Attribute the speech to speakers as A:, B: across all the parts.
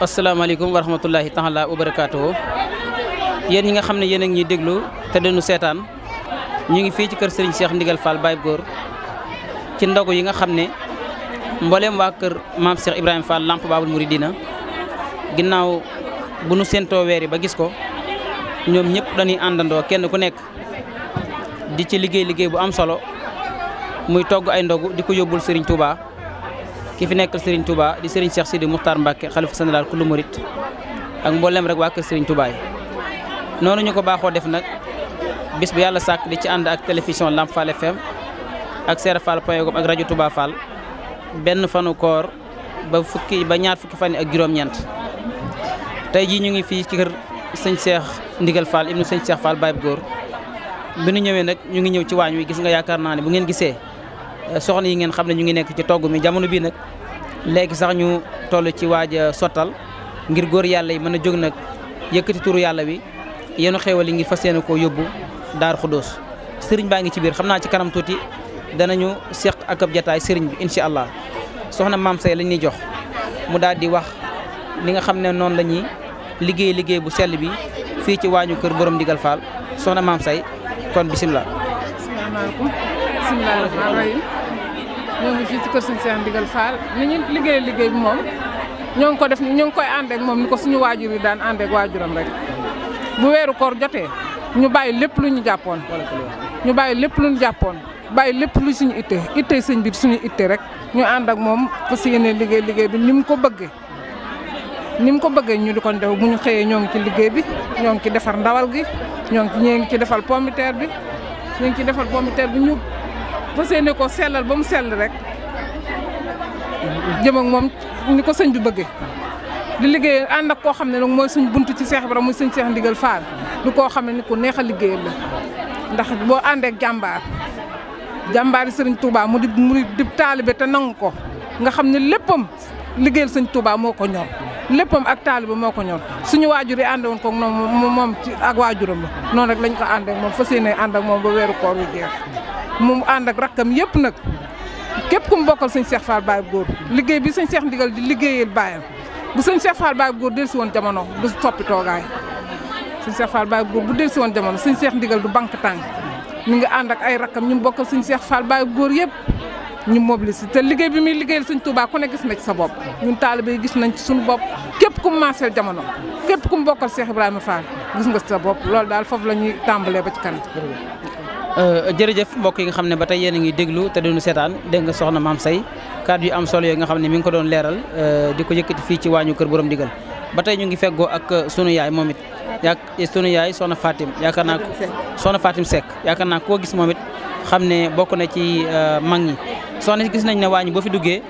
A: asalaamaaleykum wa rahmatullahi taala wa barakaatuhu yéen ñi nga xam ne yéen a ngi déglu te dañu seetaan ñu ngi fii ci kër Serigne Cheikh Ndigal Fall baay Góor ci ndogu yi nga xam ne mbooleem waa kër maam Cheikh Ibrahima Fall Lamp Baabul Mouridina ginnaaw bu nu séentoo weer yi ba gis ko ñoom ñëpp dañuy àndandoo kenn ku nekk di ci liggéey liggéey bu am solo muy togg ay ndogu di ko yóbbul Serigne Touba. ki fi nekkal Serigne Touba di Serigne Cheikh Sidi Moukhtar Mbacke xalifa général kullu murit ak mboolem rek waa kër Serigne Touba noonu ñu ko baaxoo def nag bis bu yàlla sàkk di ci ànd ak télévision Lamp Fall FM ak serafall point com ak rajo Touba Fall benn fanu koor ba fukki ba ñaar fukki fan ak juróom-ñeent tey jii ñu ngi fii ci kër sëñ Cheikh Ndigal Fall ibnu sëñ Cheikh Fall Baye Góor bi nu ñëwee nag ñu ngi ñëw ci waañ wi gis nga yaakaar naa ne bu ngeen gisee. soxna yi ngeen xam ne ñu ngi nekk ci togg mi jamono bii nag léegi sax ñu toll ci waaj a sottal ngir góor yàlla yi mën a jóg nag yëkkati turu yàlla wi yenu xéewal yi ngir fas yéene koo yóbbu daar xudóos sëriñ baa ngi ci biir xam naa ci kanam tuuti danañu seq ak ab jataay sëriñ bi incha allah soxna maam say lañ jox mu daal di wax li nga xam ne noonu lañuy liggéey liggéey bu sell bi fii ci waañu kër borom digal faal soxna maam kon bisimilah.
B: asalaamaaleykum ñoo ngi fii ci kër Serigne Cheikh Ndigal Fall ni ñu liggéey liggéey bi moom ñoo ngi ko def ñoo ngi koy ànd moom ni ko suñu waajur yi daan ànd ak waajuram rek bu weeru koor jotee ñu bàyyi lépp lu ñu jàppoon ñu bàyyi lépp lu ñu jàppoon bàyyi lépp lu suñu itte itte sëñ bi suñu itte rek ñu ànd ak moom fas yéene liggéey liggéey bi ni mu ko bëggee ni mu ko bëggee ñu di ko def bu ñu xëyee ñoo ngi ci liggéey bi ñoo ngi ci defar ndawal gi ñoo ngi ngi ci defal pomiteer bi ñoo ci defal pomiteer bi fas yéene ko sellal ba mu sell rek jëm ak moom ni ko sëñ bi bëggee di liggéey ànd ak koo xam ne nag mooy suñ bunt ci Seex Ibra muy suñ Seex Ndigal faal du koo xam ne ni ku neex a liggéeyal la ndax boo àndeek jàmbaar jàmbaar yi sëriñ Touba mu di mu di taalibe te nangu ko nga xam ne léppam liggéeyal sëñ Touba moo ko ñor léppam ak taalibe moo ko ñor suñu waajur yi àndoon ko moom moom ci ak waajuram la noonu rek lañ ko àndeek moom fas yéene ànd ak moom weeru koor wi jeex mu ànd ak rakkam yëpp nag képp ku mu bokkal sëñ Cheikh Fall Baye góor liggéey bi sëñ Cheikh ndigal di liggéeyal baayam bu sëñ Cheikh Fall Baye góor dellusi woon jamono du soppi toogaay sëñ Cheikh Fall Baye góor bu dellusi woon jamono sëñ Cheikh ndigal du bank tànk mi ngi ànd ak ay rakkam ñu mu bokkal sëñ Cheikh Fall Baye góor yëpp ñu mobilisé te liggéey bi muy liggéeyal sëñ Touba ku ne gis na ci sa bopp ñun taalibe yi gis nañ ci suñu bopp képp ku mu maaseel jamono képp ku mu bokkal Cheikh Ibrahima Fall gis nga sa bopp loolu daal foofu la ñuy tàmbalee ba ci kanam
A: Euh, jërëjëf mbokk yi nga xam ne ba tey yéen a ngi déglu te duñu seetaan dégg nga soxna maam say kàddu yu am solo yi nga xam ne mi ngi ko doon leeral euh, di ko yëkkati fii ci waañu kër borom digal ba tey ñu ngi feggoo ak euh, sunu yaay moom it yaa sunu yaay soxna Fatim koo gis moom it xam ne bokk na ci mag ñi soxna gis nañ ne waañu boo fi duggee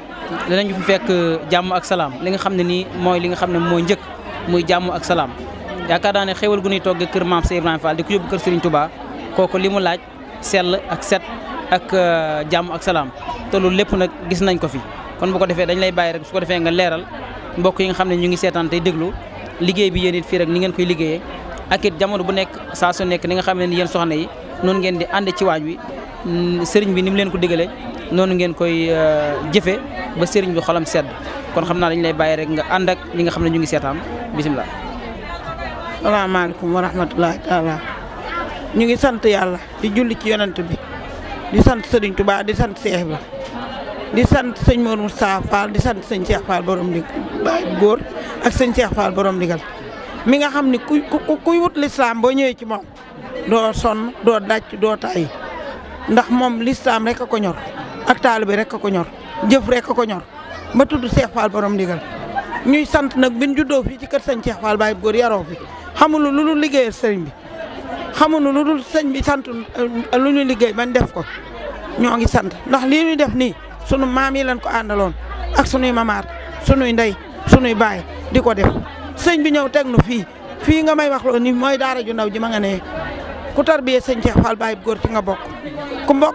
A: la danañu fi fekk jàmm ak salaam li nga xam ne ni mooy li nga xam ne mooy njëkk muy jàmm ak salaam yaakaar naa a xéwal gu ñuy toggee kër maam sell ak set ak euh, jàmm ak salaam te loolu lépp nag gis nañ ko fi kon boo ko defee dañ lay bàyyi rek su ko defee nga leeral mbokk yi nga xam ne ñu ngi seetaan tey déglu liggéey bi yéen it fii rek ni ngeen koy liggéeyee ak it jamono bu nekk saa su nekk ni nga xam ne yéen soxna yi noonu ngeen di ànd ci waaj wi mm, sëriñ bi ni mu leen ko digale noonu ngeen koy euh, jëfe ba sëriñ bi xolam sedd kon xam naa dañ lay bàyyi rek nga ànd ak ñi nga xam ne ñu ngi seetaan bisimilah.
C: salaamaaleykum ñu ngi sant yàlla di julli ci yonent bi di sant Serigne Touba di sant Cheikh Ibra di sant sëñ Mor Moussa Fall di sant sëñ Cheikh Fall borom di borom digal mi nga xam ni ku kuy wut lislaam boo ñëwee ci moom doo sonn doo dàcc doo tàyyi ndax moom lislaam rek a ko ñor ak taalibe rek a ko ñor jëf rek a ko ñor ba tudd Cheikh Fall borom digal ñuy sant nag bi ñu juddoo fii ci kër sëñ Cheikh Fall baay góor yaroo fi lu lu liggéeyal sëriñ bi nu lu dul sëñ bi sant eh, lu ñu liggéey bañ def ko ñoo ngi sant ndax lii ñu def nii sunu maam yi lañ ko àndaloon ak sunuy mamaar sunuy ndey sunuy baay di ko def sëñ bi ñëw teg nu fii fii nga may wax loo ni mooy daara ju ndaw ji ma nga ne ku tarbiyee sëñ baay Fall góor ci nga bokk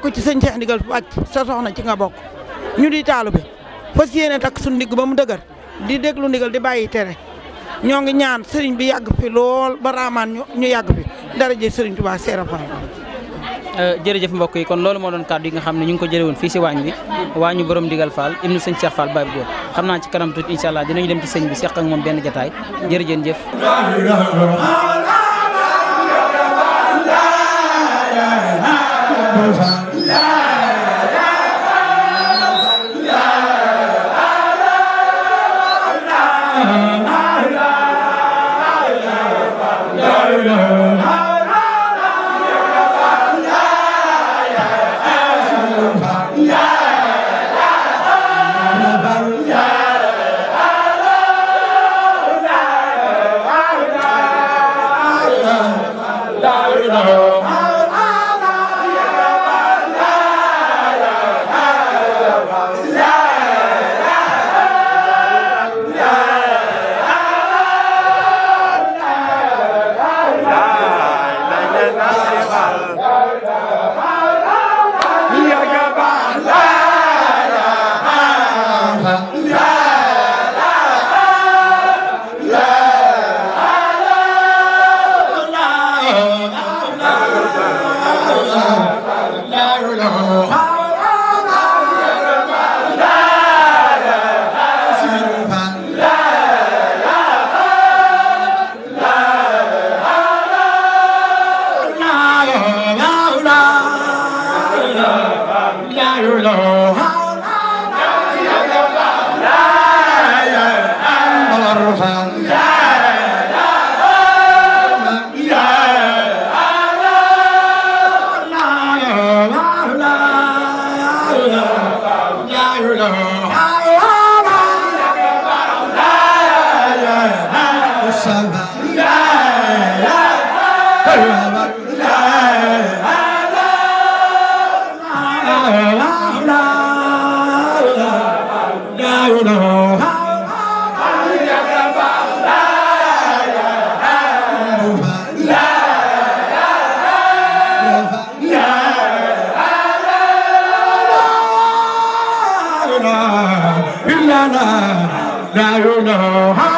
C: ku ci sëñ Cheikh ndigal wàcc sa soxna ci nga bokk ñu di taalu bi fas yéene takk suñu ndigg ba mu dëgër di déglu ndigal di bàyyi tere ñoo ngi ñaan sëriñ bi yàgg fi lool ba raamaan ñu ñu yàgg fi dara jël sëriñ Tuubaa seera fa
A: euh, jërëjëf mbokk yi kon loolu moo doon kàddu yi nga xam ne ñu ngi ko jële woon fii si waañ bi waañu borom digal Fall ibnu sëñ Cheikh Fall Baye Góor xam naa ci kanam tuuti incha allah dinañu dem ci sëñ bi seq ak moom benn jataay jërëjëf jëf
D: you know, you know, now you know how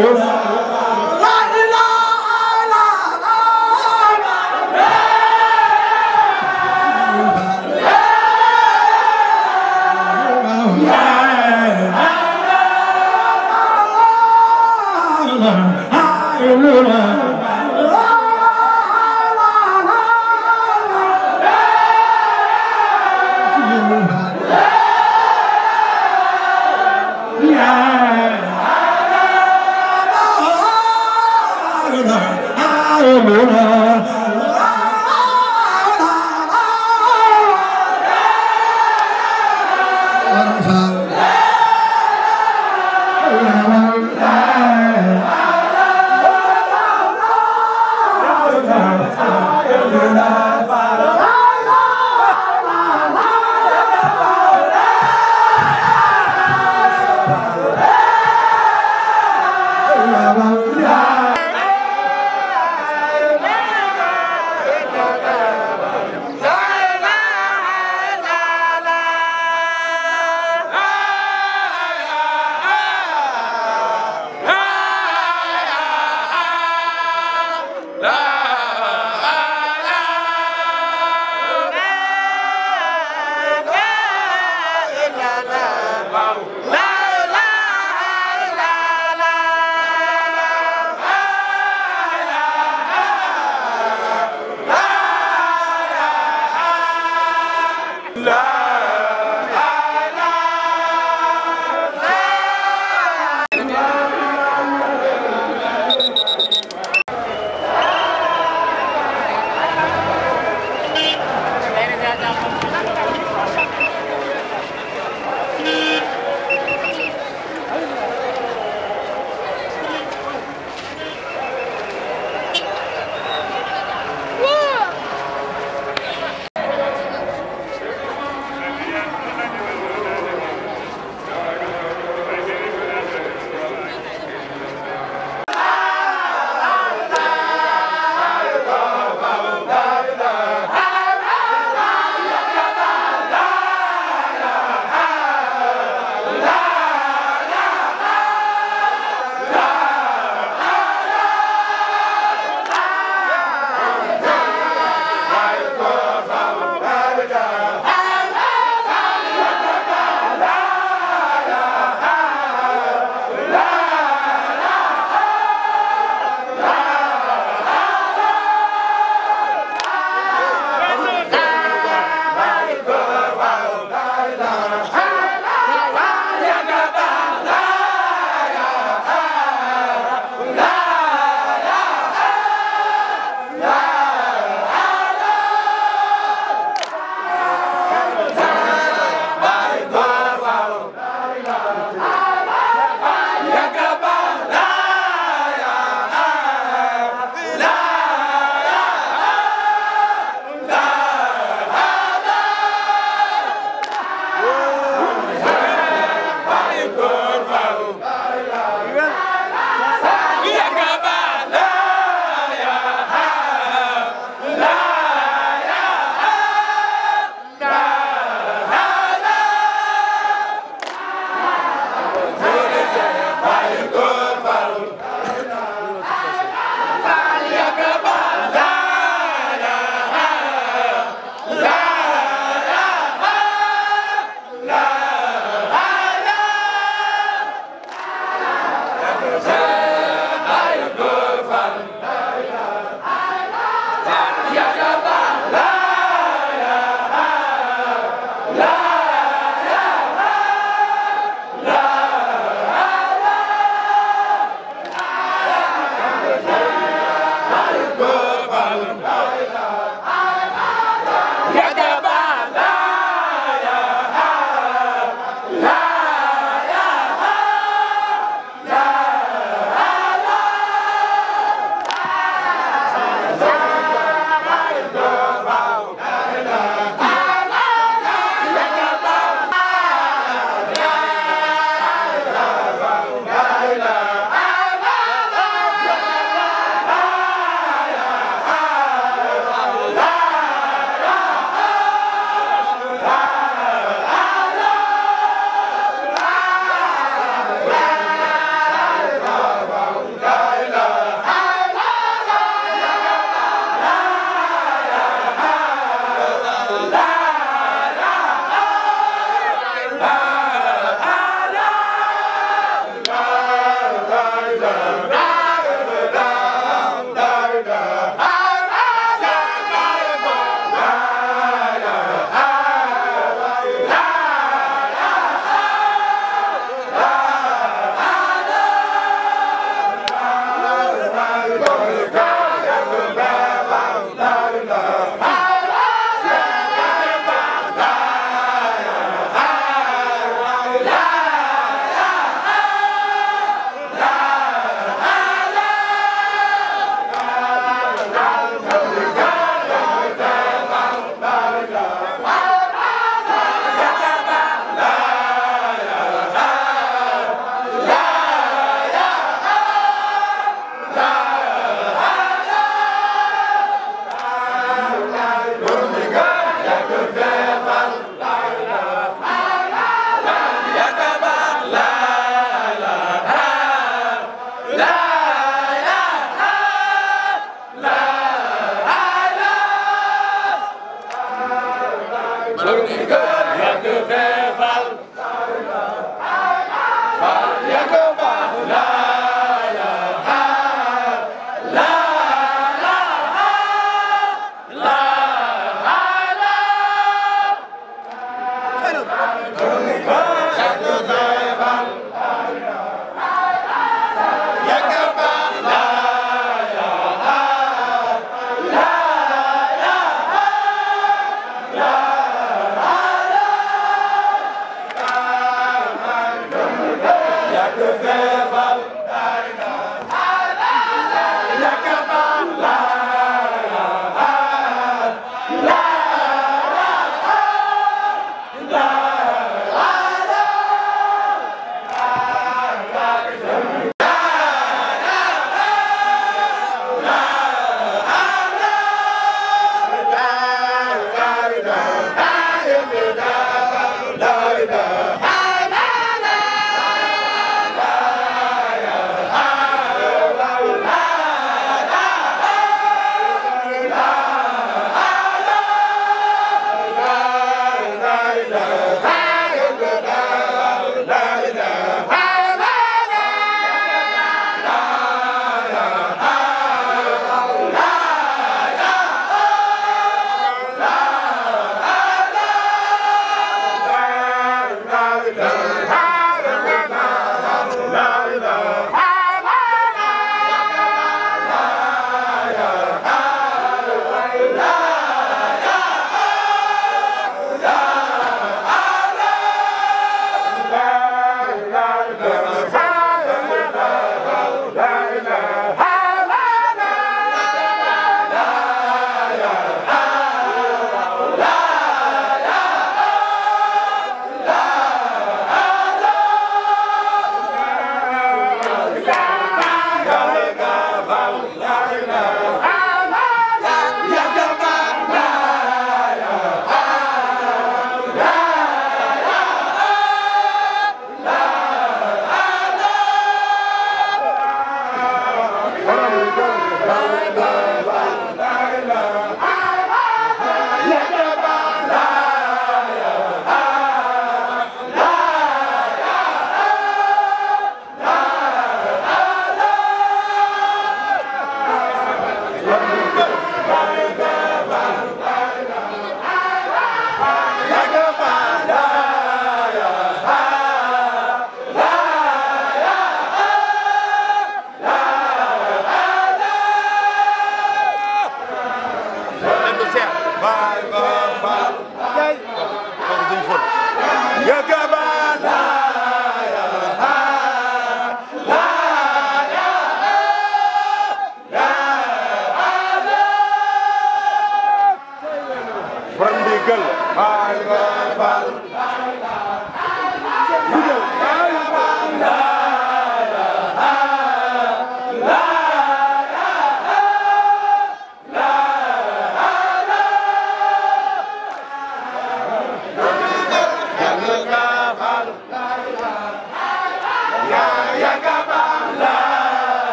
D: Deus.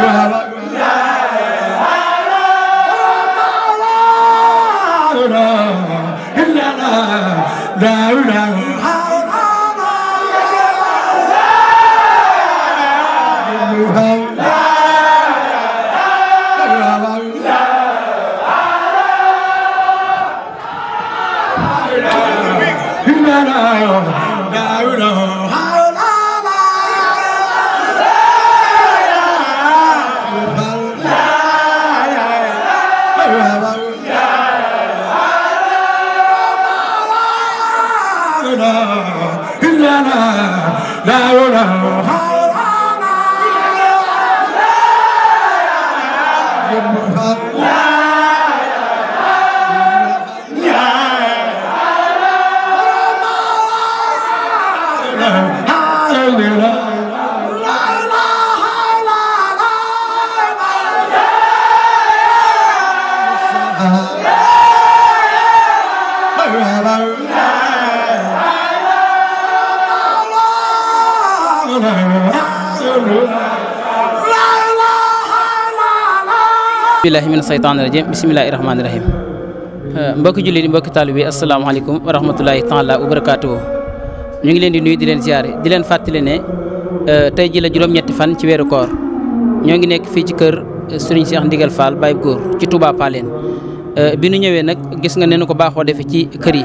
D: Merhaba.
A: billahi mina seytaani rajim bisimilahi rahmaani rahim mbokki jullit yi mbokki taalib yi asalaamaaleykum wa rahmatulahi taala ñu ngi leen di nuy di leen ziare di leen fàttali ne tey ji la juróom-ñetti fan ci weeru koor ñoo ngi nekk fii ci kër Serigne Cheikh Ndigal faal Baye Góor ci Touba Paleen bi nu ñëwee nag gis nga ne nu ko baaxoo defe ci kër yi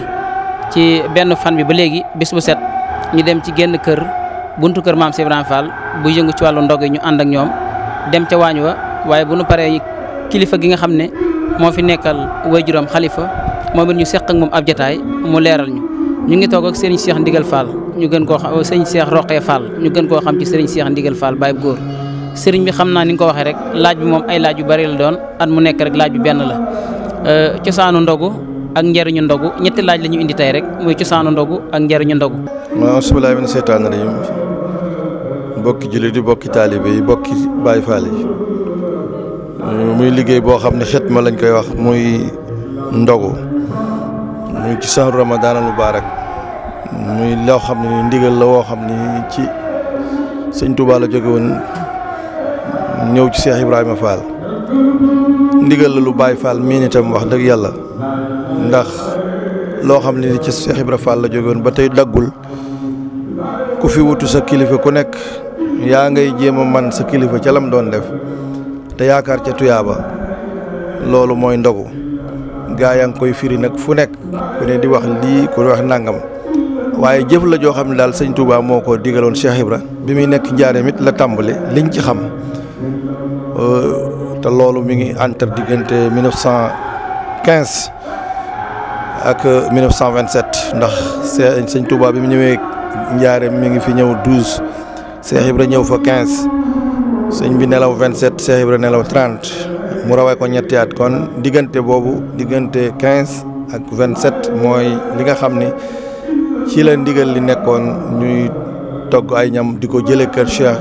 A: ci benn fan bi ba léegi bis bu set ñu dem ci genn kër buntu kër maam Cheikh Ibrahima bu yëngu ci wàllu ndog ñu ànd ak ñoom dem ca waañ wa waaye kilifa gi nga xam ne moo fi nekkal waajuram xalifa moom it ñu seq moom ab jataay mu leeral ñu ñu ngi toog ak sëriñ Cheikh Ndigal Fall ñu gën koo xam sëriñ Cheikh Roqee ñu gën koo xam ci sëriñ Ndigal Fall baay góor sëriñ bi xam naa ni nga ko waxee rek laaj bi moom ay laaj yu bari la doon at mu nekk rek laaj bi benn la euh, cosaanu ndogu ak njariñu ndogu ñetti laaj la ñu indi tey rek muy cosaanu ndogu ak njariñu
E: ndogu asalaamaaleykum mina seytaane rajim mbokki jullit yi mbokki taalibe yi mbokki Baay Faal yi muy liggéey boo xam ne ma lañ koy wax muy ndogu muy ci sahru ramadan al muy loo xam la woo xam ni ci sëñ Touba jóge woon ñëw ci seex Ibrahima Fall ndigal la lu Baye Fall mii itam wax dëgg yàlla ndax loo xam ne ci Cheikh Ibrahima Fall la jóge woon ba tey daggul ku fi wutu sa kilifa ku nekk yaa ngay jéem a man sa kilifa ca lam doon def te yaakaar ca tuyaaba loolu mooy ndogu gaa yaa ngi koy firi nag fu nekk ku di wax lii ku ne wax nangam waaye jëf la joo xam ne daal sëñ Touba moo ko digaloon Cheikh Ibra bi muy nekk njaareem it la tàmbali liñ ci xam te loolu mi ngi entre diggante 1915 ak 1927 ndax sëñ bi mu ñëwee njaareem mi ngi fi ñëw 12 Cheikh ñëw fa 15 sëñ bi nelaw 27 Cheikh nelaw trente mu rawee ko ñetti at kon diggante boobu diggante quinze ak vingt sept mooy li nga xam ni ci la ndigal li nekkoon ñuy togg ay ñam di ko jëlee kër Cheikh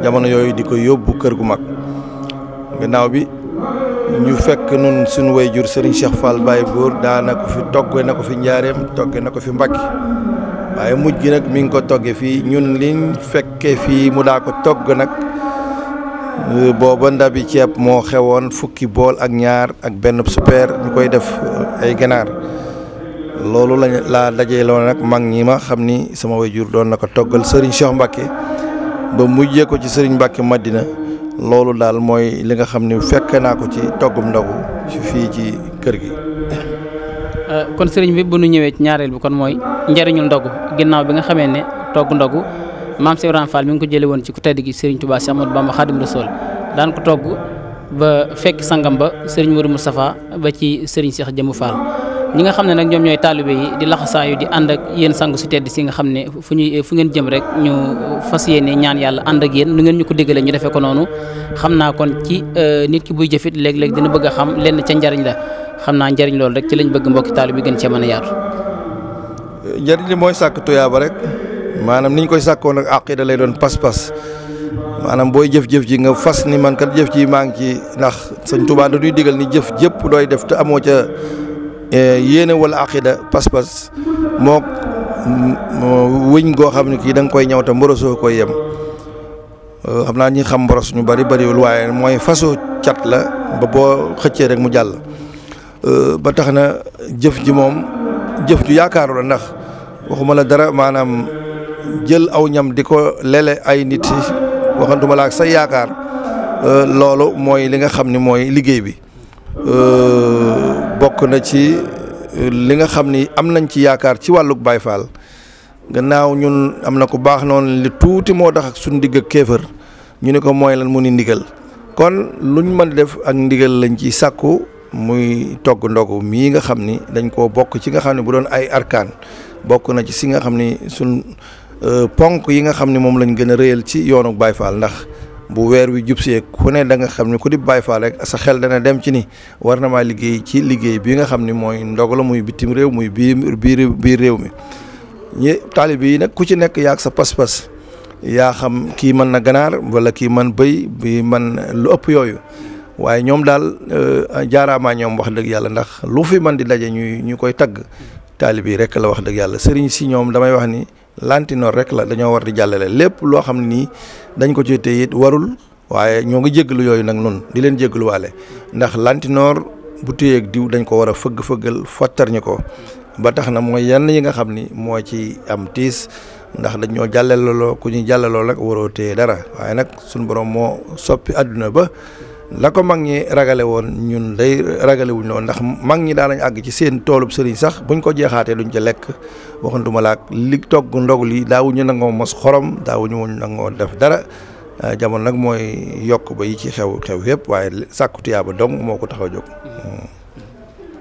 E: jamono yooyu di ko yóbbu kër gu mag gannaaw bi ñu fekk nun suñu way jur Serigne Cheikh Fall Baye Bour daana fi toggee na ko fi njaareem toggee na ko fi Mbacke waaye mujj gi nag mi ngi ko toggee fii ñun li fekkee fii mu daa ko togg nag. Euh, booba ndabi ceeb moo xewoon fukki bool ak ñaar ak benn super ñu koy def euh, ay ganaar loolu lañ daje lool nag mag ñi ma xam ni sama wayjur doon na ko toggal Serigne Cheikh Mbacke ba mujjee ko ci Serigne Mbacke Madina loolu daal mooy li nga xam ni fekk naa ko ci toggum ndogu fii ci kër gi.
A: Euh, kon sëriñ bi bu nu ñëwee ci ñaareel bi kon mooy njëriñul ndogu ginnaaw bi nga xamee ne togg ndogu. maam Cheikh Ibrahima Fall mi ngi ko jëlee woon ci ku tedd gi Serigne Touba Cheikh Ahmadou Bamba Khadim Rasoul daan ko togg ba fekk sangam ba Serigne Modou Moustapha ba ci Serigne Cheikh Jëmu Fall ñi nga xam ne nag ñoom ñooy taalibe yi di laxasaayu di ànd ak yéen sangu su tedd si nga xam ne fu ñuy fu ngeen jëm rek ñu fas yéene ñaan yàlla ànd ak yéen nu ngeen ñu ko déggalee ñu defe ko noonu xam naa kon ci euh, nit ki buy jëfit léeg-léeg dina bëgg a xam lenn ca njariñ la
E: xam naa njariñ loolu rek ci lañ bëgg mbokki taalibe bi gën cee mën a yaatu maanaam ni ñu koy sàkkoo nag aqida lay doon pas-pas maanaam booy jëf-jëf ji nga fas ni man kat jëf ji maa ngi ci ndax sëñ duy digal ni jëf jëpp dooy def te amoo ca e, yéene wala aqida pas-pas moo mm, wëñ goo xam ne kii da nga koy ñëw te mborosoo koy yem xam naa ñi xam mboros ñu bari bariwul waaye mooy façon cat la ba boo xëccee rek mu jàll ba tax na jëf ji moom jëf ju yaakaaru la ndax waxuma la dara maanaam jël aw ñam di ko lele ay nit waxantuma la ak sa yaakaar euh, loolu mooy li nga xam ni mooy liggéey bi euh, bokk na ci euh, li nga xam ni am nañ ci yaakaar ci wàllug Baay Faal gannaaw ñun am na ko baax noon li tuuti moo tax ak suñ digg ak kéefër ñu ne ko mooy lan mu ni ndigal kon luñ mën def ak ndigal lañ ci sàkku muy togg ndogu mii nga xam ni dañ koo bokk ci nga xam ne bu doon ay arkaan bokk na ci si nga xam ni suñ Euh, ponk yi nga xam ne moom lañ gën a rëyal ci yoonu Baye Fall ndax bu weer wi jub see ku ne danga xam ne ku di Baye Fall rek sa xel dana dem ci ni war na maa liggéey ci liggéey bii nga xam ni mooy ndog muy bitim réew muy bii biir biir réew mi ñi taalibe yi nag ku ci nekk yaag sa pas-pas yaa xam kii mën na ganaar wala kii man bëy bi man lu ëpp yooyu waaye ñoom daal euh, jaaraamaa ñoom wax dëgg yàlla ndax lu fi man di daje ñuy ñu koy tagg taalibe yi rek la wax dëgg yàlla sëriñ si ñoom damay wax ni lantinoor rek la dañoo war di jàllale lépp loo xam ni dañ ko ci téye warul waaye ñoo ngi jégalu yooyu nag nun di leen jégaluwaale ndax lantinoor bu téyeeg diw dañ ko war a fëgg-fëggal fottar ko ba tax na mooy yenn yi nga xam ni moo ci am tiis ndax dañ ñoo jàllaloo ku ñuy jàllaloo rek waroo téye dara waaye nag suñu borom moo soppi àdduna ba la ko mag ñi ragale woon ñun day ragale wuñ loon ndax mag ñi daanañ àgg ci seen toolub sëriñ sax buñ ko jeexaatee duñ ca lekk waxantuma laak li togg ndog li daawuñu nangoo mos xorom daawuñu woon nangoo def dara euh, jamono nag mooy yokk ba yi ci xew xew yëpp waaye sàkku tuyaaba dong moo ko tax a jóg.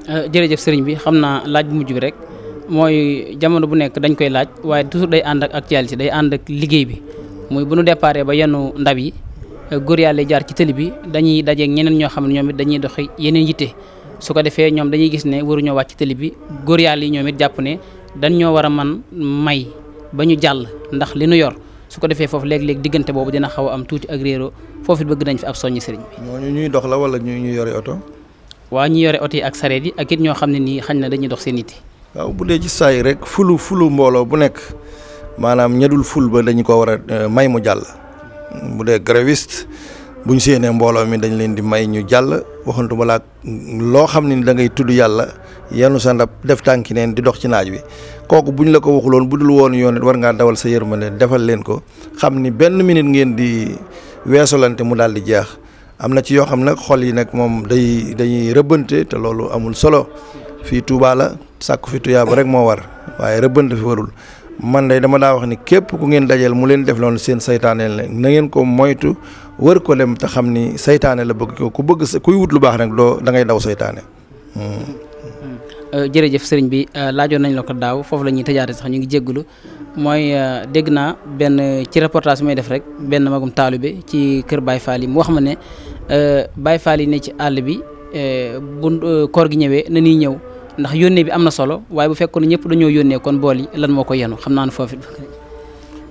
A: Euh, jërëjëf sëriñ bi xam naa laaj bu mujj bi rek mooy jamono bu nekk dañ koy laaj waaye toujours day ànd ak actualité day ànd ak liggéey bi muy bu nu déparé ba yenn ndab yi. góor yàlla jaar ci tëli bi dañuy dajeeg ñeneen ñoo xam ne ñoom it dañuy dox yeneen yitte su ko defee ñoom dañuy gis ne waruñoo wàcc tëli bi góor yàlla yi ñoom jàpp ne dañ ñoo war a man may ba ñu jàll ndax li nu yor su ko defee foofu léeg-léeg diggante boobu dina xaw am tuuti ak réero foofu it bëgg fi
E: ab soññi sëriñ bi. ñooñu ñuy dox la wala ñuy yore oto.
A: waa ñu yore oto yi ak sareet yi ak it ñoo xam ne nii xañ na dañuy dox seen yitte.
E: waaw bu dee ci saa rek fulu fulu mbooloo bu nekk maanaam ñedul ful ba dañu ko war a eh, may mu jàll bu dee gréviste bu ñu séenee mbooloo mi dañ leen di may ñu jàll waxantuma laa loo xam ne ni da ngay tudd yàlla yanu sa ndab def tànki neen di dox ci naaj wi kooku bu ñu la ko waxuloon bu dul woon yoon it war ngaa dawal sa yërmande defal leen ko xam ni benn minute ngeen di weesolante mu daal di jeex am na ci yoo xam ne xol yi nag moom day dañuy rëbbante te loolu amul solo fii Touba la sàkku fi tuyaaba rek moo war waaye rëbbante fi warul man day dama daa wax ni képp ku ngeen dajal mu leen def loolu seen saytaane la na ngeen ko moytu war ko lem te xam ni saytaane la bëgg ko ku bëgg sa kuy wut lu baax nag doo da ngay daw saytaane. Hmm.
A: Euh, jërëjëf sëriñ bi euh, laajoon nañ la ko daaw foofu la ñuy tëjaate sax ñu ngi jéggulu mooy euh, dégg naa benn ci reportage may def rek benn magum bi ci kër Baye faal yi mu wax ma ne Baye faal yi ne ci àll bi bu koor gi ñëwee na ñuy ñëw. ndax yónnee bi am na solo waaye bu fekkoon ñëpp dañoo yónnee kon bool yi lan moo ko yenu xam naa ne foofu.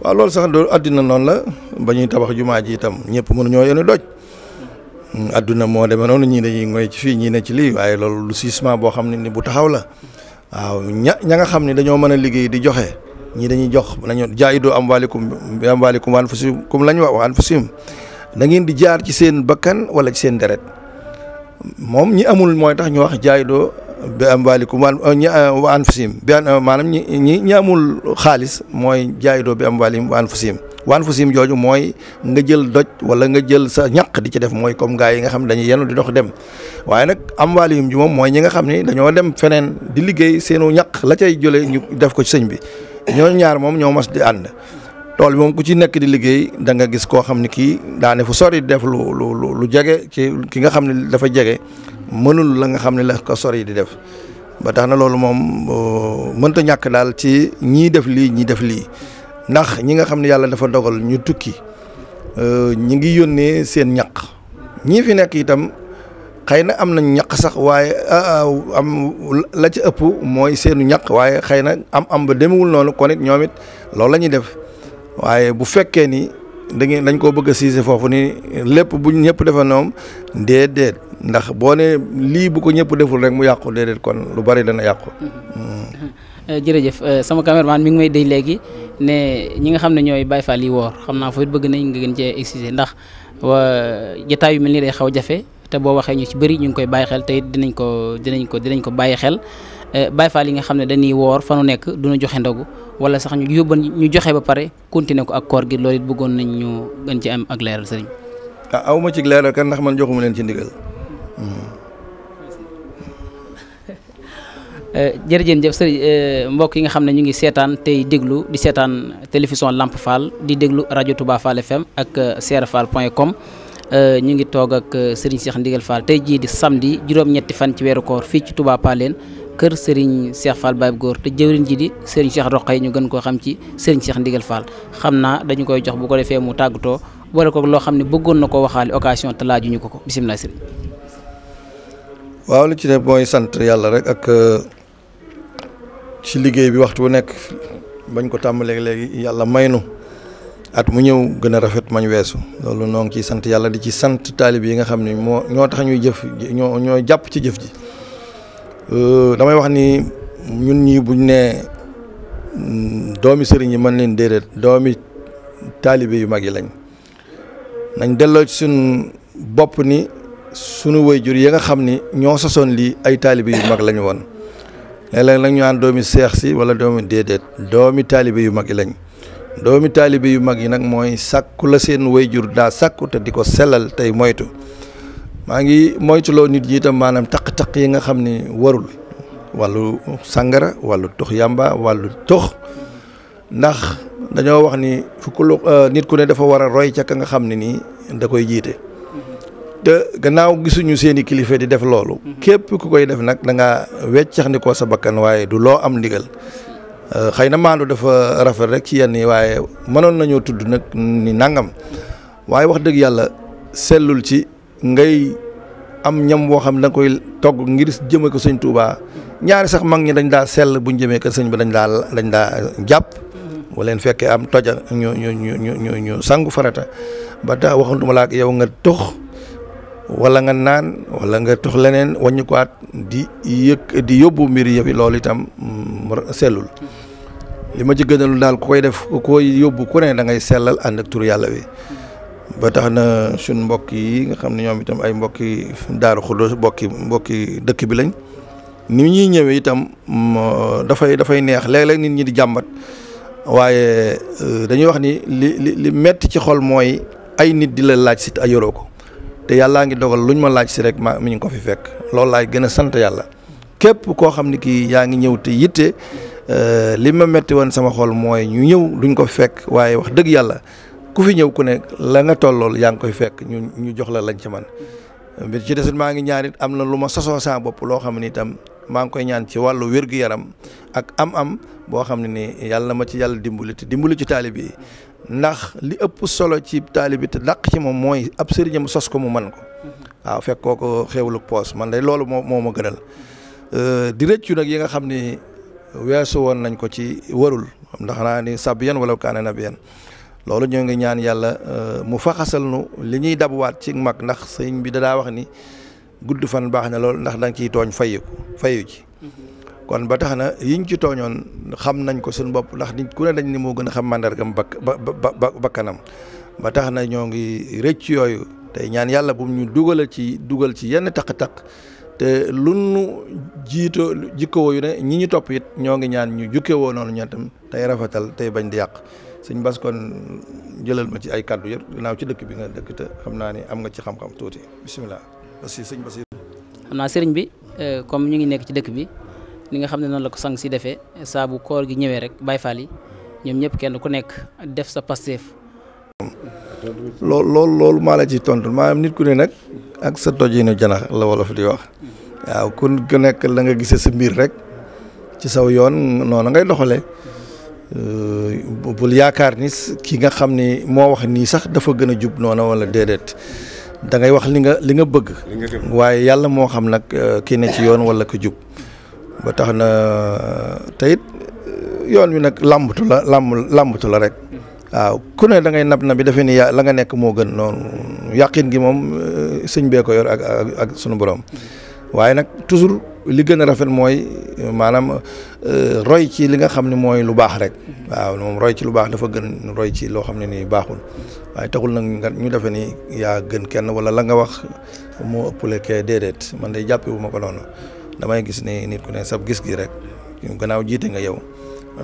E: waaw loolu sax loolu àddina noon la ba ñuy tabax jumaa ji itam ñëpp mënuñoo yenu doj. adduna moo demee noonu ñii dañuy ngoy ci fii ñii ne ci lii waaye loolu lu siisement boo xam ne ni bu taxaw la ña ña xam ne dañoo mën a liggéey di joxe ñii dañuy jox nañu jaayidu amwaalikum bi amwaalikum wa anfusikum lañ wax wa anfusihim da ngeen di jaar ci seen bakkan wala ci seen deret moom ñi amul mooy tax ñu wax jaayidu bi amwaalikum wa eh, anfusihim bi eh, maanaam ñi ñi ñi amul xaalis mooy jaayidoo bi amwaalihim wa anfusihim wa anfusihim jooju mooy nga jël doj wala nga jël sa ñaq di ci def mooy comme gaa yi nga xam dañuy yenu di dox dem waaye nag am amwaalihim ji moom mooy ñi nga xam ni dañoo dem feneen di liggéey seenu ñaq la cay jëlee ñu def ko ci sëñ bi ñoo ñaar moom ñoo mas di ànd tool bi moom ku ci nekk di liggéey da nga gis koo xam ne kii daane fu sori def lu lu lu jege ci ki nga xam ne dafa jege mënul la nga xam ne la ko sori di def ba tax na loolu moom uh, mënta ñàkk daal ci ñii def lii ñii def lii ndax ñi nga xam ne yàlla dafa dogal ñu tukki uh, ñi ngi yónnee seen ñaq ñii fi nekk itam xëy na am nañ ñaq sax waaye uh, am la ci ëpp mooy seenu ñaq waaye xëy na am am ba demewul noonu kon it ñoom it loolu la ñuy def waaye bu fekkee ni da ngeen dañ koo bëgg a siise foofu nii lépp bu ñëpp defee noom déedéet ndax boo ne lii bu ko ñëpp deful rek mu yàqu déedéet kon lu bari dana yàqu. Mm-hmm.
A: Mm-hmm. Eh, jërëjëf eh, sama caméraman mi ngi may dey léegi ne ñi nga xam ne ñooy Baye Fall yi woor xam naa foofu bëgg nañ nga gën cee exciser ndax jotaay yu mel nii day xaw jafe te boo waxee ñu ci bëri ñu ngi koy bàyyi xel tey it dinañ ko dinañ ko dinañ ko bàyyi xel. Eh, Baay Faal yi nga xam ne dañuy woor fa nu nekk du joxe ndogu wala sax ñu yóbban ñu joxe ba pare continuer ko ak koor gi loolu it bëggoon nañ ñu gën ci am ak leeral sëriñ.
E: ah aw ma ci leeral kan ndax man joxuma leen ci ndigal. Hmm.
A: Eh, jërëjëf jëf sëriñ eh, mbokk yi nga xam ne ñu ngi seetaan tey déglu di seetaan télévision Lamp Fall di déglu rajo Touba Fall FM ak crfall point com ñu ngi toog ak sëriñ Cheikh Ndigal Fall tey jii di samedi juróom-ñetti fan ci weeru koor fii ci Touba kër Serigne Cheikh Fall Baye Góor te jëwriñ ji di Serigne Cheikh Roqay ñu gën koo xam ci Serigne Cheikh Ndigal Fall xam naa dañu koy jox bu ko defee mu tàggatoo boole ko loo xam ne bëggoon na koo waxaale occasion te laajuñu ko ko bisimilah Serigne.
E: li ci def mooy sant yàlla rek ak ci liggéey bi waxtu bu nekk bañ ko tàmbalee léegi yàlla may nu mu ñëw gën a rafet mañ weesu loolu noo ngi sant yàlla di ci sant taalib yi nga xam ne moo ñoo tax ñuy jëf ñoo ñoo jàpp ci jëf ji. Euh, damay wax ni ñun ñii buñ nee mm, doomi sëriñ yi mën leen déedéet doomi taalibe yu mag yi lañ nañ delloo ci suñ bopp ni sunu jur yi nga xam ni ñoo sosoon lii ay taalibe yu mag lañ woon léeg-léeg nag ñu naan doomi seex si wala doomi déedéet doomi taalibe yu mag yi lañ doomi taalibe yu mag yi nag mooy sàkku la seen wayjur daa sàkku te di ko sellal tey moytu maa ngi moytuloo nit yi itam maanaam taq-taq yi nga xam ni warul wàllu sàngara wàllu tox yàmba wàllu tox ndax dañoo wax ni fukk lu euh, nit ku ne dafa war a roy ca ka nga xam ne nii da koy jiite te gannaaw gisuñu seeni kilifa di def loolu képp ku koy def nag danga ngaa weccax ni ko sa bakkan waaye du loo am ndigal euh, xëy na maandu dafa rafet rek ci yenn yi waaye mënoon nañoo tudd nag ni nangam waaye wax dëgg yàlla sellul ci ngay am ñam woo xam ne da koy togg ngir jëme ko sëñ Touba ñaari sax mag ñi dañ daa sell bu ñu jëmee ko sëñ bi dañ daa dañ daa jàpp. wala fekkee am toja ñu ñu ñu ñu ñu sangu yow nga tox wala nga naan wala nga tox leneen wàññi ko at di yëg di yóbbu mbir yi loolu itam mm, sellul. li ma ci gënalu daal koy def ku yóbbu ku ne da ngay sellal ànd ak tur yàlla wi. ba tax na suñ mbokk yi nga xam ne ñoom itam ay mbokki daaru xulóos mbokki mbokki dëkk bi lañ ni ñuy ñëwee itam dafay dafay neex léeg-léeg nit ñi di jàmbat waaye euh, dañuy wax ni li li metti ci xol mooy ay nit di la laaj si te yoroo ko te yàllaa ngi dogal luñ ma laaj si rek ma mi ngi ko fi fekk loolu laay gën a sant yàlla képp koo xam ne kii yaa ngi ñëw te yitte euh, li ma metti woon sama xol mooy ñu ñëw duñ ko fekk waaye wax dëgg yàlla ku fi ñëw ku ne la nga tollool yaa ngi koy fekk ñu ñu jox la lañ ci man mbir ci desit maa ngi ñaanit am na lu ma sosoo saa bopp loo xam ne itam maa ngi koy ñaan ci wàllu wér-gu-yaram ak am-am boo xam ne nii yàlla ma ci yàlla dimbali te dimbali ci taalib yi ndax li ëpp solo ci taalib yi te dàq ci moom mooy ab sëriñam sos ko mu man ko waaw fekk kooko xéwlu poos man day loolu moo moo ma gënal di rëccu nag yi nga xam ni weesu woon nañ ko ci warul xam ndax naa ni sàbbiyan wala kaana nabiyan loolu ñoo ngi ñaan yàlla euh, mu faxasal nu li ñuy dabuwaat ci mag ndax sëñ bi dadaa wax ni gudd fan baax na loolu ndax da ciy tooñ fayiku fayu ci mm-hmm. kon ba tax na yiñ ci tooñoon xam nañ ko suñu bopp ndax nit ku ne dañ ni moo gën a xam màndargam bakk ba ba bakkanam ba tax na ñoo ngi rëcc yooyu tey ñaan yàlla bu ñu dugal ci dugal ci yenn taq-taq te lu nu jiito jikkoo yu ne ñi ñu topp it ñoo ngi ñaan ñu jukke woo noonu ñoom itam tey rafetal tey bañ di yàq sëñ Bass kon jëlal ma ci ay kàddu yëpp ginnaaw ci dëkk bi nga dëkk te xam naa ni am nga ci xam-xam tuuti bisimilah.
A: merci sëñ Bass. xam naa sëriñ bi euh, comme ñu ngi nekk ci dëkk bi li nga xam ne noonu la ko sang si defee saa bu koor gi ñëwee rek Baay Faal yi ñoom ñëpp kenn ku nekk def sa pasteef.
D: loolu
E: loolu loolu maa la ciy tontu maanaam nit ku ne nag ak sa tojinu janax la wolof di wax waaw ku nekk la nga gisee sa mbir rek ci saw yoon noonu ngay doxalee. bul yaakaar ni ki nga xam ni moo wax nii sax dafa gën a jub noona wala déedéet da ngay wax li nga li nga bëgg. waaye yàlla moo xam nag euh, ki ne ci yoon wala ko jub ba tax na teyit euh, yoon wi nag làmbatu la làmb làmbatu la rek. waaw ku ne da ngay nab na bi defe ni la nga nekk moo gën noonu yàqin gi moom euh, sëñ bee ko yor ak ak sunu boroom waaye nag li gën a rafet mooy maanaam euh, roy ci li nga xam ne mooy lu baax rek mm-hmm. waaw moom roy ci lu baax dafa gën roy ci loo xam ne nii baaxul waaye taxul nag nga ñu defe nii yaa gën kenn wala la nga wax moo ëppale kee déedéet man day jàppewuma bu ko noonu damay gis ni nit ku ne sab gis gi rek gannaaw jiite nga yow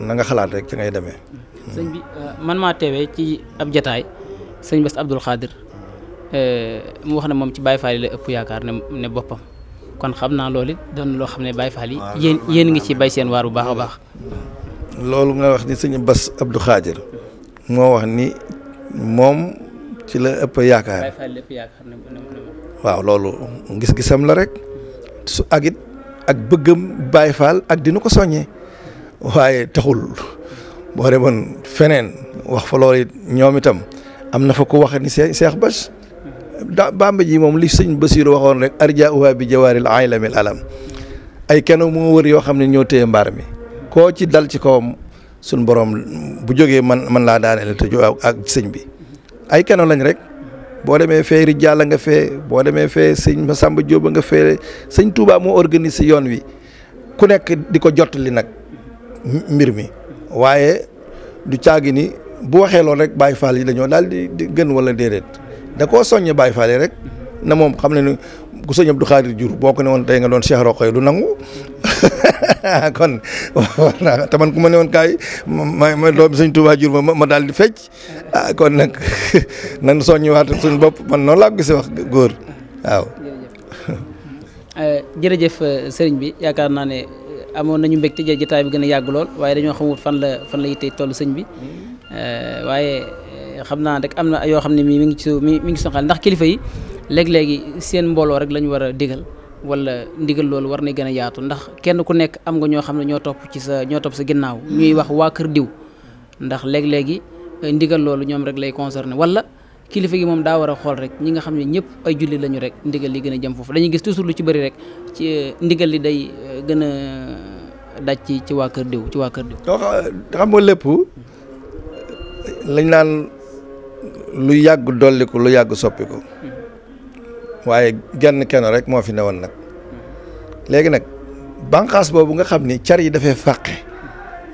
E: na nga xalaat rek ci ngay demee.
A: Mm-hmm. Euh, man maa teewee ci ab jataay sëñ Bass Abdou Khadre euh, mu wax ne moom ci Baye Fall la ëpp yaakaar ne ne boppam. kon xam naa loolu doon loo xam ne Baye Fall yi yéen yéen ngi ci bay seen waar bu baax a baax
E: loolu nga wax ni sëñ bas abdu Khadir moo wax ni moom ci la ëpp yaakaar waaw loolu gis-gisam la rek su ak ak bëggam Baye Fall ak dina ko soññee waaye taxul boo demoon feneen wax fa loolu it ñoom itam am na fa ko wax ni Cheikh Bass da bàmba ji moom li sëñ Basiir waxoon rek arjauha bi jawaaril aylamil alam ay keno moo wër yoo xam ne ñëw téye mbaar mi koo ci dal ci kawam suñ borom bu jógee man man laa daaneel te jo ak sëñ bi ay keno lañ rek boo demee fee Rijal nga fee boo demee fee sëñ Masamba Jóoba nga fee sëñ Touba moo organiser yoon wi ku nekk di ko li nag mbir mi waaye du caagi ni bu waxee loolu rek Baay Faal yi dañoo daal di gën wala déedéet da koo soññ Baye Fall rek na moom xam ne ku sëñ Abdou Khadir Diour boo ko ne woon tey nga doon Cheikh Roqoy du nangu kon te man ku ma ne woon kaay ma ma doom sëñ Touba Diour ma ma daal di fecc ah kon nag nan soññiwaat suñu bopp man noonu laa ko gisee wax góor waaw.
A: jërëjëf euh, sëriñ bi yaakaar naa ne euh, amoon nañu mbégte jotaay bi gën a yàgg lool waaye dañoo xamul fan la fan la yittee tollu sëñ bi mm-hmm. euh, waaye. xam naa rek am na yoo xam ne mi mi ngi ci mi mi ngi sonxal ndax kilifa yi léeg-léegi seen mbooloo rek la ñu war a digal wala ndigal loolu war na gën a yaatu ndax kenn ku nekk am nga ñoo xam ne ñoo topp ci sa ñoo topp sa ginnaaw ñuy wax waa kër diw ndax léeg-léegi eh, ndigal loolu ñoom rek lay concerné wala kilifa gi moom daa war a xool rek ñi nga xam ne ñëpp ay julli lañu rek ndigal li gën a jëm foofu dañuy gis toujours ci bëri rek ci eh, ndigal li day eh, gën a daj ci ci waa kër diw ci waa kër diw.
E: xam nga lépp lañ naan lu yàgg dolliku lu yàgg soppiku waaye genn kenn rek moo fi ne woon nag léegi nag banqaas boobu nga xam ni car yi dafay fàqe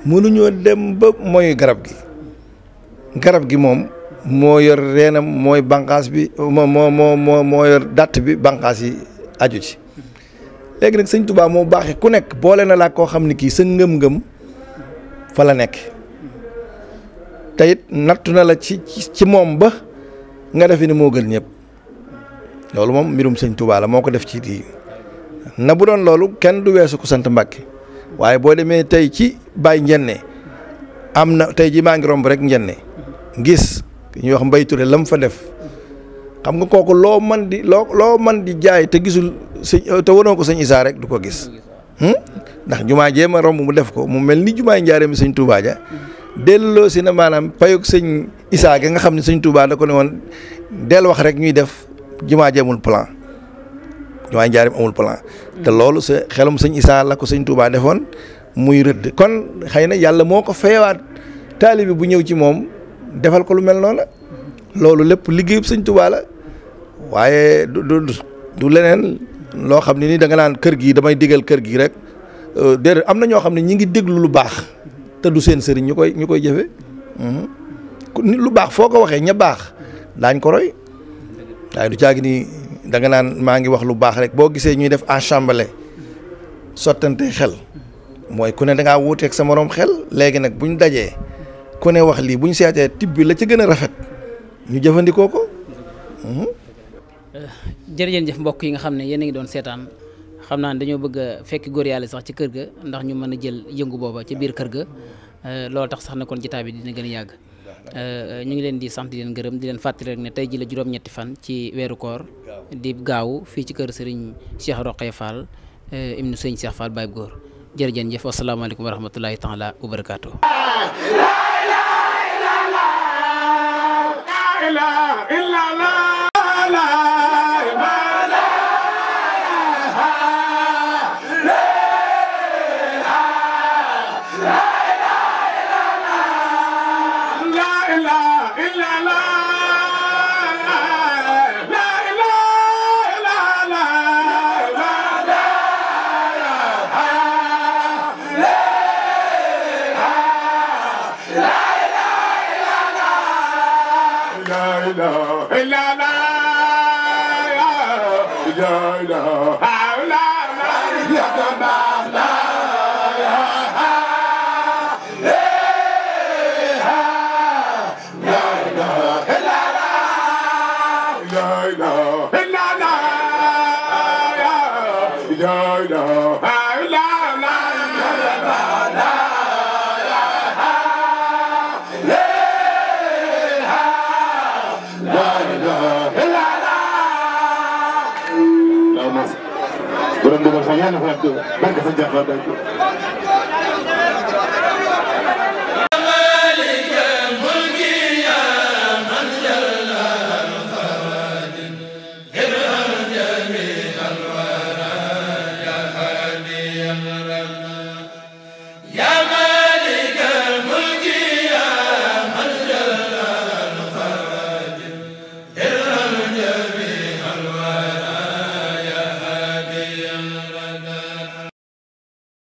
E: mënuñoo dem ba mooy garab gi garab gi moom moo yor reenam mooy banqaas bi moo moo moo moo yor dàtt bi banqaas yi aju ci léegi nag sëñ Tuubaa moo yi ku nekk boole na laa koo xam ni kii sa ngëm-ngëm fa la nekk te it nattu na la ci ci moom ba nga defe ni moo gën ñëpp loolu moom mbirum sëñ Tuubaa la moo ko def ci di na bu doon loolu kenn du weesu ko sant Mbàkke waaye boo demee tey ci Baye Njenne am na tey ji maa ngi romb rek Njenne gis ñuy wax Mbay Ture la mu fa def xam nga kooku loo man di loo loo man di jaay te gisul sëñ te wanoo ko sëñ Isaa rek du ko gis hmm? ndax jumaa jéema romb mu def ko mu mel ni jumaay njaareem sëñ Tuubaa ja delloo si na maanaam payug sëñ Isaa ga nga xam ne sëñ Tuubaa da ko ne woon del wax rek ñuy def jumaa ji amul plan jumaa njaarim amul plan te loolu sa xelum sëñ Isaa la ko sëñ Tuubaa defoon muy rëdd kon xëy na yàlla moo ko feewaat taalibi bu ñëw ci moom defal ko lu mel noonu loolu lépp liggéeyub sëñ Tuubaa la waaye du du du leneen loo xam ne ni da nga naan kër gi damay digal kër gi rek euh, déedéet am na ñoo xam ne ñu ngi déglu lu baax te du seen sëriñ ñu koy ñu koy jëfe mhm. lu baax foo ko waxee ña baax daañ ko waaye du caagi ni danga naan maa ngi wax lu baax rek boo gisee ñuy def enchambelé sottante xel mooy ku ne da ngaa wuuteeg sa moroom xel léegi nag buñ dajee ku ne wax lii buñ seetee tib bi la ci gën a rafet ñu jëfandikoo ko. Mhm.
A: jëf mbokk yi nga xam ne yéen a ngi doon seetaan. xam naa ne dañoo bëgg a fekk góor yàlla sax ci kër ga ndax ñu mën a jël yëngu booba ci biir kër ga euh, loolu tax sax na kon jotaay dina gën a yàgg euh, ñu ngi leen di sant di leen gërëm di leen fàttali rek ne tey ji la juróom-ñetti fan ci weeru koor di gaaw fii ci kër sëriñ Cheikh Roqee Fall euh, ibnu sëriñ Cheikh Fall Baye Góor jërëjën jëf wasalaamaaleykum wa rahmatulahi taala wa barakaatu
D: la ilaha illallah
B: ane fadde barka so
E: jafa dayko